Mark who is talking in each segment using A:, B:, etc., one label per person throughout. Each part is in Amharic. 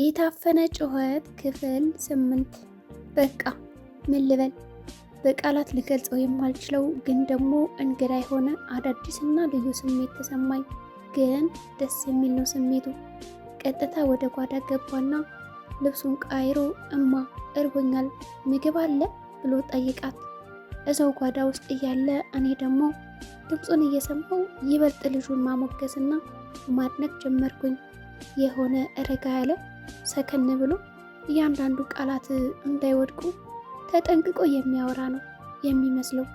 A: የታፈነ ጩኸት ክፍል ስምንት በቃ ምን ልበል በቃላት ልገልጸው የማልችለው ግን ደግሞ እንግዳ የሆነ አዳዲስና ልዩ ስሜት ተሰማኝ። ግን ደስ የሚል ነው ስሜቱ። ቀጥታ ወደ ጓዳ ገባና ልብሱን ቀይሮ እማ እርቦኛል ምግብ አለ ብሎ ጠይቃት። እዛው ጓዳ ውስጥ እያለ እኔ ደግሞ ድምፁን እየሰማው ይበልጥ ልጁን ማሞገስና ማድነቅ ጀመርኩኝ። የሆነ ረጋ ያለ ሰከን ብሎ እያንዳንዱ ቃላት እንዳይወድቁ ተጠንቅቆ የሚያወራ ነው የሚመስለው።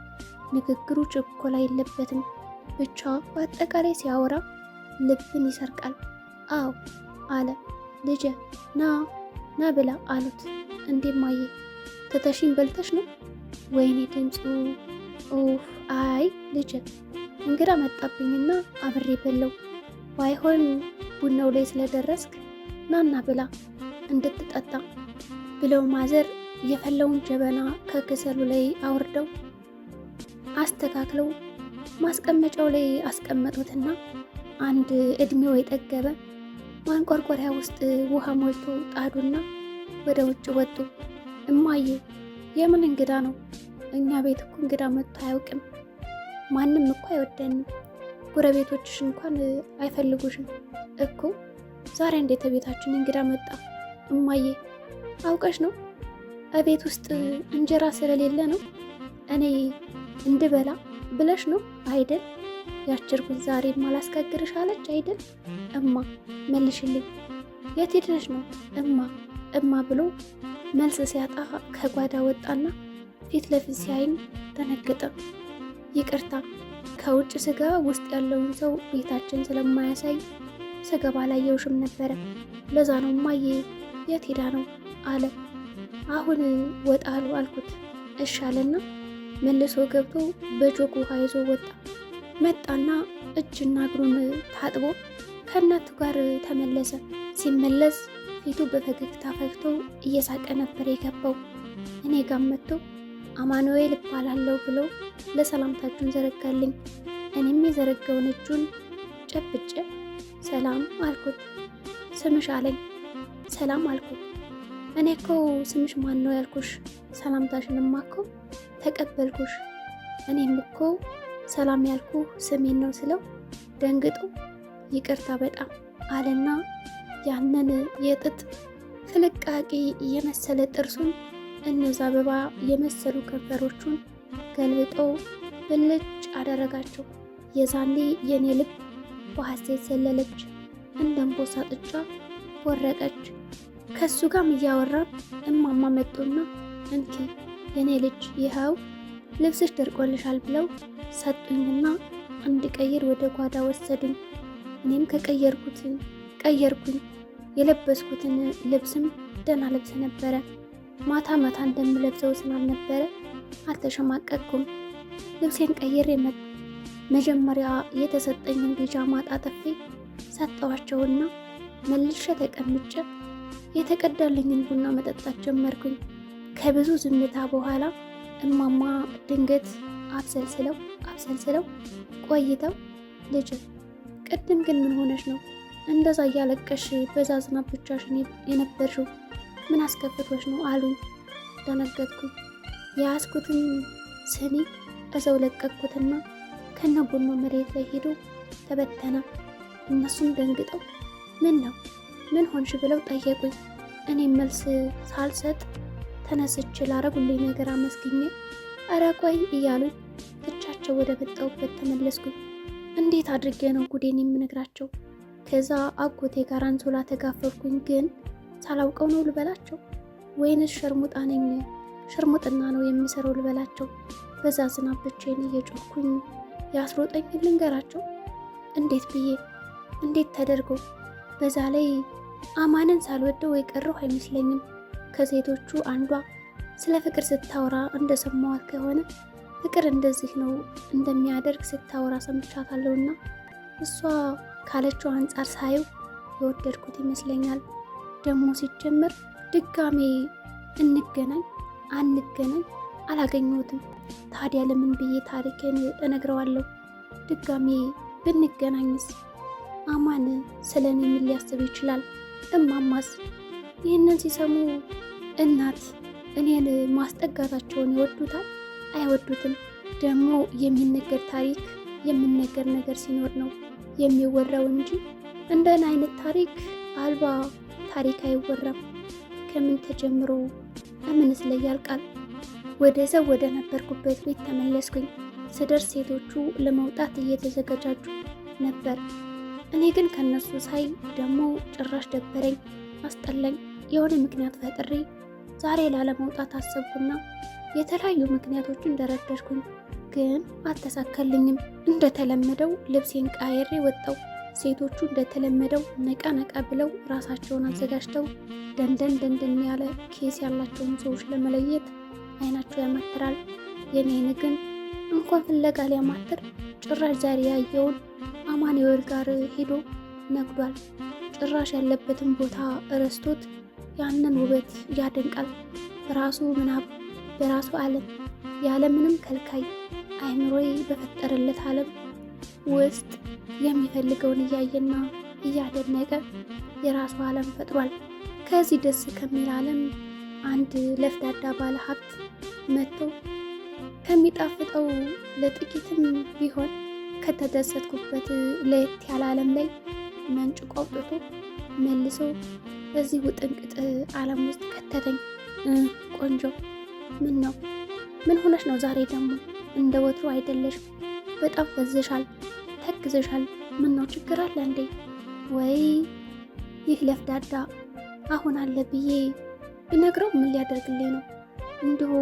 A: ንግግሩ ችኮላ የለበትም። ብቻ በአጠቃላይ ሲያወራ ልብን ይሰርቃል። አዎ አለ ልጀ ና ና ብላ አሉት። እንዴ ማየ ትተሽኝ በልተሽ ነው? ወይኔ ድምፁ ኡፍ! አይ ልጀ እንግዳ መጣብኝና አብሬ በለው ባይሆን ቡናው ላይ ስለደረስክ ናና ብላ እንድትጠጣ ብለው ማዘር የፈለውን ጀበና ከክሰሉ ላይ አውርደው አስተካክለው ማስቀመጫው ላይ አስቀመጡትና አንድ እድሜው የጠገበ ማንቆርቆሪያ ውስጥ ውሃ ሞልቶ ጣዱና ወደ ውጭ ወጡ። እማዬ የምን እንግዳ ነው? እኛ ቤት እኮ እንግዳ መጥቶ አያውቅም። ማንም እኮ አይወደንም። ጎረቤቶችሽ እንኳን አይፈልጉሽም እኮ ዛሬ እንዴት ቤታችን እንግዳ መጣ? እማዬ አውቀሽ ነው? እቤት ውስጥ እንጀራ ስለሌለ ነው እኔ እንድበላ ብለሽ ነው አይደል? ያችርኩት ዛሬ ማላስከግርሽ አለች አይደል? እማ መልሽልኝ፣ የት ሄደሽ ነው እማ እማ ብሎ መልስ ሲያጣ ከጓዳ ወጣና ፊት ለፊት ሲያይኝ ተነገጠ። ይቅርታ ከውጭ ስጋ ውስጥ ያለውን ሰው ቤታችን ስለማያሳይ ላይ የውሽም ነበረ። ለዛ ነው እማዬ የት ሄዳ ነው አለ። አሁን ወጣሉ አልኩት። እሺ አለና መልሶ ገብቶ በጆግ ውሃ ይዞ ወጣ። መጣና እጅና እግሩን ታጥቦ ከእናቱ ጋር ተመለሰ። ሲመለስ ፊቱ በፈገግታ ፈግቶ እየሳቀ ነበር የገባው። እኔ ጋር መጥቶ አማኑኤል እባላለሁ ብሎ ለሰላምታችሁን ዘረጋልኝ። እኔም የዘረጋውን እጁን ጨብጬ ሰላም አልኩት። ስምሽ አለኝ። ሰላም አልኩት። እኔ እኮ ስምሽ ማን ነው ያልኩሽ፣ ሰላምታሽንማ እኮ ተቀበልኩሽ። እኔም እኮ ሰላም ያልኩ ስሜን ነው ስለው ደንግጦ ይቅርታ በጣም አለና ያንን የጥጥ ፍልቃቂ የመሰለ ጥርሱን እነዚ አበባ የመሰሉ ከንፈሮቹን ገልብጦ ብልጭ አደረጋቸው። የዛኔ የኔ ልብ በሐሴት ዘለለች። እንደ እምቦሳ ጥጃ ወረቀች። ከሱ ጋም እያወራን እማማ መጡና እንኪ የኔ ልጅ ይኸው ልብስሽ ደርቆልሻል ብለው ሰጡኝና እንድቀይር ወደ ጓዳ ወሰዱኝ። እኔም ከቀየርኩትን ቀየርኩኝ። የለበስኩትን ልብስም ደህና ልብስ ነበረ። ማታ ማታ እንደምለብሰው ስናል ነበረ። አልተሸማቀቅኩም። ልብሴን ቀየር መጣ መጀመሪያ የተሰጠኝን ቢጫ ማጣጠፊ ሰጠዋቸውና መልሸ ተቀምጨ የተቀዳልኝን ቡና መጠጣት ጀመርኩኝ። ከብዙ ዝምታ በኋላ እማማ ድንገት አብሰልስለው አብሰልስለው ቆይተው ልጅ ቅድም ግን ምን ሆነሽ ነው እንደዛ እያለቀሽ በዛ ዝናብ ብቻሽን የነበርሽው ምን አስከፍቶች ነው አሉኝ። ደነገጥኩኝ። የያዝኩትን ስኒ እዛው ለቀቅኩትና ከነ ጎኗ መሬት ላይ ሄዶ ተበተነ። እነሱም ደንግጠው ምን ነው ምን ሆንሽ ብለው ጠየቁኝ። እኔም መልስ ሳልሰጥ ተነስቼ ላረጉልኝ ነገር አመስግኜ እረ ቆይ እያሉኝ ትቻቸው ወደ መጣሁበት ተመለስኩኝ። እንዴት አድርጌ ነው ጉዴን የምነግራቸው? ከዛ አጎቴ ጋር አንሶላ ተጋፈርኩኝ። ግን ሳላውቀው ነው ልበላቸው ወይንስ ሸርሙጣ ነኝ? ሸርሙጥና ነው የምሰራው ልበላቸው? በዛ ዝናብ ብቻዬን እየጮኩኝ ያስሮጠኝ ልንገራቸው እንዴት ብዬ እንዴት ተደርጎ በዛ ላይ አማንን ሳልወደው የቀረሁ አይመስለኝም። ከሴቶቹ አንዷ ስለ ፍቅር ስታወራ እንደሰማዋት ከሆነ ፍቅር እንደዚህ ነው እንደሚያደርግ ስታወራ ሰምቻታለሁና እሷ ካለችው አንጻር ሳየው የወደድኩት ይመስለኛል። ደግሞ ሲጀምር ድጋሜ እንገናኝ አንገናኝ አላገኘሁትም። ታዲያ ለምን ብዬ ታሪክን እነግረዋለሁ? ድጋሜ ብንገናኝስ? አማን ስለ እኔ ምን ሊያስብ ይችላል? እማማስ ይህንን ሲሰሙ እናት እኔን ማስጠጋታቸውን ይወዱታል? አይወዱትም። ደግሞ የሚነገር ታሪክ የሚነገር ነገር ሲኖር ነው የሚወራው እንጂ እንደን አይነት ታሪክ አልባ ታሪክ አይወራም። ከምን ተጀምሮ ከምንስ ላይ ያልቃል? ሰው ወደ ነበርኩበት ቤት ተመለስኩኝ። ስደርስ ሴቶቹ ለመውጣት እየተዘገጃጁ ነበር። እኔ ግን ከነሱ ሳይ ደግሞ ጭራሽ ደበረኝ፣ አስጠላኝ። የሆነ ምክንያት ፈጥሬ ዛሬ ላለመውጣት አሰብኩና የተለያዩ ምክንያቶችን ደረደርኩኝ። ግን አልተሳካልኝም። እንደተለመደው ልብሴን ቀይሬ ወጣው። ሴቶቹ እንደተለመደው ነቃ ነቃ ብለው ራሳቸውን አዘጋጅተው ደንደን ደንደን ያለ ኬስ ያላቸውን ሰዎች ለመለየት አይናቸው ያማትራል። የኔን ግን እንኳን ፍለጋ ሊያማትር ጭራሽ ዛሬ ያየውን አማኑኤል ጋር ሄዶ ነግዷል። ጭራሽ ያለበትን ቦታ እረስቶት ያንን ውበት ያደንቃል። በራሱ ምናብ በራሱ ዓለም ያለምንም ከልካይ አይምሮዬ በፈጠረለት ዓለም ውስጥ የሚፈልገውን እያየና እያደነቀ የራሱ ዓለም ፈጥሯል። ከዚህ ደስ ከሚል ዓለም አንድ ለፍዳዳ ባለ ሀብት መጥቶ ከሚጣፍጠው ለጥቂትም ቢሆን ከተደሰትኩበት ለየት ያለ ዓለም ላይ መንጭቆ አውጥቶ መልሶ በዚህ ውጥንቅጥ ዓለም ውስጥ ከተተኝ። ቆንጆ ምን ነው ምን ሆነሽ ነው? ዛሬ ደግሞ እንደ ወትሮ አይደለሽ። በጣም ፈዝሻል፣ ተግዝሻል። ምን ነው ችግር አለ እንዴ? ወይ ይህ ለፍዳዳ አሁን አለ ብዬ ብነግረው ምን ሊያደርግልኝ ነው? እንዲሁ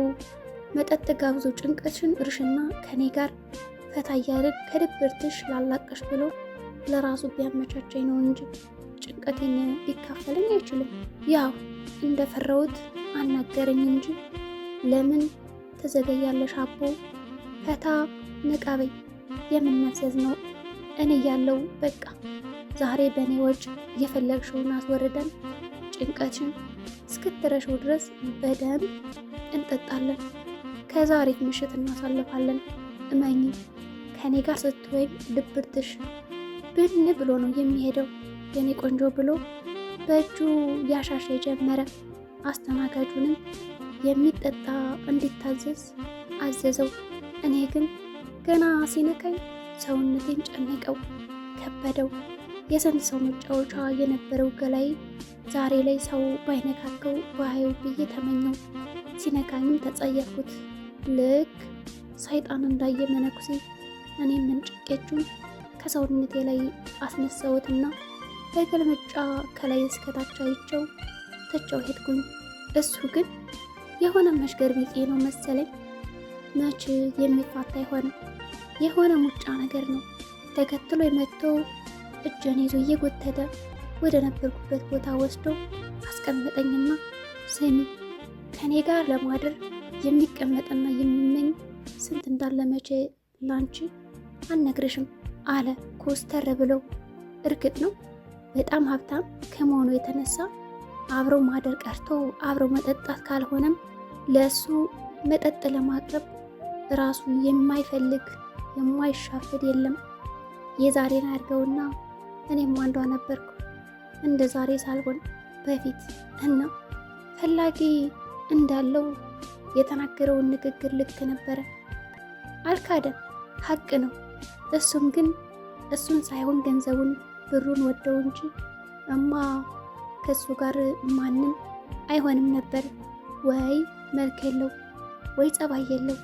A: መጠጥ ጋብዞ ጭንቀትሽን እርሽና ከኔ ጋር ፈታ እያልን ከድብርትሽ ላላቀሽ ብሎ ለራሱ ቢያመቻቸኝ ነው እንጂ ጭንቀቴን ሊካፈለኝ አይችልም። ያው እንደፈረውት አናገረኝ እንጂ ለምን ተዘገያለሽ አቦ ፈታ ነቃበይ የምናዘዝ ነው እኔ ያለው በቃ ዛሬ በእኔ ወጭ የፈለግሽውን አስወርደን ጭንቀትሽን እስክትረሽው ድረስ በደንብ እንጠጣለን፣ ከዛሬት ምሽት እናሳልፋለን። እመኝ ከኔ ጋር ስትወይ ድብርትሽ ብን ብሎ ነው የሚሄደው የኔ ቆንጆ ብሎ በእጁ ያሻሸ የጀመረ አስተናጋጁንም የሚጠጣ እንዲታዘዝ አዘዘው። እኔ ግን ገና ሲነካኝ ሰውነቴን ጨነቀው፣ ከበደው። የስንት ሰው መጫወቻ የነበረው ገላይ ዛሬ ላይ ሰው ባይነካከው ባየው ብዬ ተመኘው። ሲነካኝም ተጸየፍኩት። ልክ ሰይጣን እንዳየ መነኩሴ እኔም መንጭቄቹን ከሰውነቴ ላይ አስነሳሁትና በገልመጫ ከላይ እስከታች አይቼው ትቼው ሄድኩኝ። እሱ ግን የሆነ መሽገር ቢጤ ነው መሰለኝ መች የሚፋታ አይሆንም። የሆነ ሙጫ ነገር ነው ተከትሎ የመጥቶ እጄን ይዞ እየጎተተ ወደ ነበርኩበት ቦታ ወስዶ አስቀመጠኝና ስሚ ከኔ ጋር ለማደር የሚቀመጥና የሚመኝ ስንት እንዳለ መቼ ላንቺ አልነግርሽም አለ ኮስተር ብለው። እርግጥ ነው በጣም ሀብታም ከመሆኑ የተነሳ አብረው ማደር ቀርቶ አብረው መጠጣት ካልሆነም ለእሱ መጠጥ ለማቅረብ ራሱ የማይፈልግ የማይሻፍድ የለም። የዛሬን አድርገውና እኔም አንዷ ነበርኩ እንደ ዛሬ ሳልሆን በፊት እና ፈላጊ እንዳለው የተናገረውን ንግግር ልክ ነበረ። አልካደም፣ ሀቅ ነው። እሱም ግን እሱን ሳይሆን ገንዘቡን ብሩን ወደው እንጂ እማ ከሱ ጋር ማንም አይሆንም ነበር። ወይ መልክ የለው ወይ ጸባይ የለው።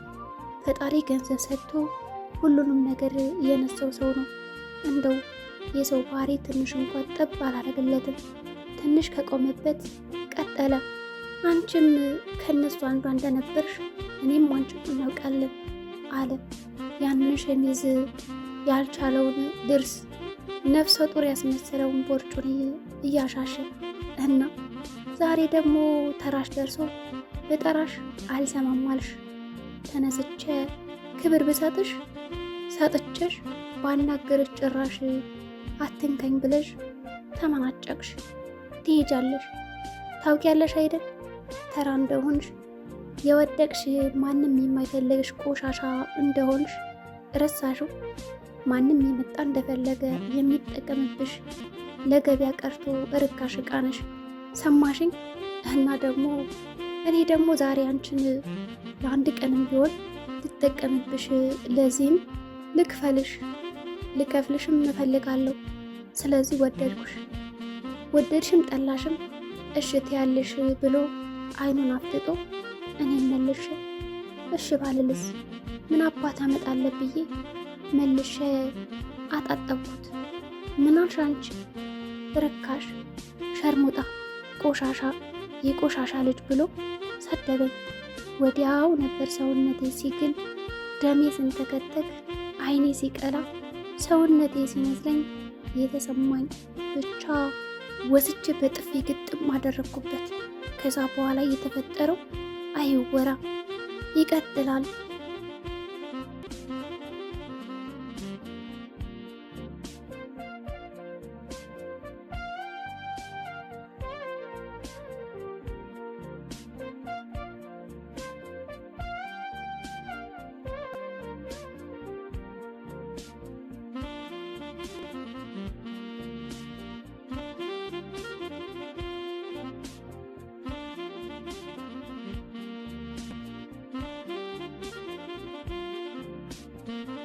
A: ፈጣሪ ገንዘብ ሰጥቶ ሁሉንም ነገር የነሰው ሰው ነው። እንደው የሰው ባህሪ ትንሽ እንኳን ጠብ አላረግለትም። ትንሽ ከቆመበት ቀጠለ። አንቺም ከእነሱ አንዷ እንደነበርሽ እኔም አንቺን እናውቃለን አለ። ያንን ሸሚዝ ያልቻለውን ድርስ ነፍሰ ጡር ያስመሰለውን ቦርጩን እያሻሸ እና ዛሬ ደግሞ ተራሽ ደርሶ በጠራሽ አልሰማማልሽ ተነስቸ ተነስቼ ክብር ብሰጥሽ ሰጥቼሽ ባናገርሽ ጭራሽ አትንከኝ ብለሽ ተመናጨቅሽ ትሄጃለሽ። ታውቂያለሽ አይደል? ተራ እንደሆንሽ የወደቅሽ ማንም የማይፈልግሽ ቆሻሻ እንደሆንሽ ረሳሽው። ማንም የመጣ እንደፈለገ የሚጠቀምብሽ ለገበያ ቀርቶ ርካሽ ዕቃ ነሽ። ሰማሽኝ? እና ደግሞ እኔ ደግሞ ዛሬ አንቺን ለአንድ ቀንም ቢሆን ልጠቀምብሽ፣ ለዚህም ልክፈልሽ፣ ልከፍልሽም እፈልጋለሁ። ስለዚህ ወደድኩሽ፣ ወደድሽም ጠላሽም እሽት ያለሽ ብሎ አይኑን አፍጥጦ እኔም መልሼ እሺ ባልልስ ምን አባት አመጣለ ብዬ መልሼ አጣጠብኩት። ምናሽ አንቺ ርካሽ፣ ሸርሙጣ፣ ቆሻሻ፣ የቆሻሻ ልጅ ብሎ ሰደበኝ። ወዲያው ነበር ሰውነቴ ሲግል፣ ደሜ ስንተከተክ፣ አይኔ ሲቀላ፣ ሰውነቴ ሲመስለኝ የተሰማኝ ብቻ ወስጄ በጥፊ ግጥም አደረግኩበት። ከዛ በኋላ የተፈጠረው አይወራ ይቀጥላል።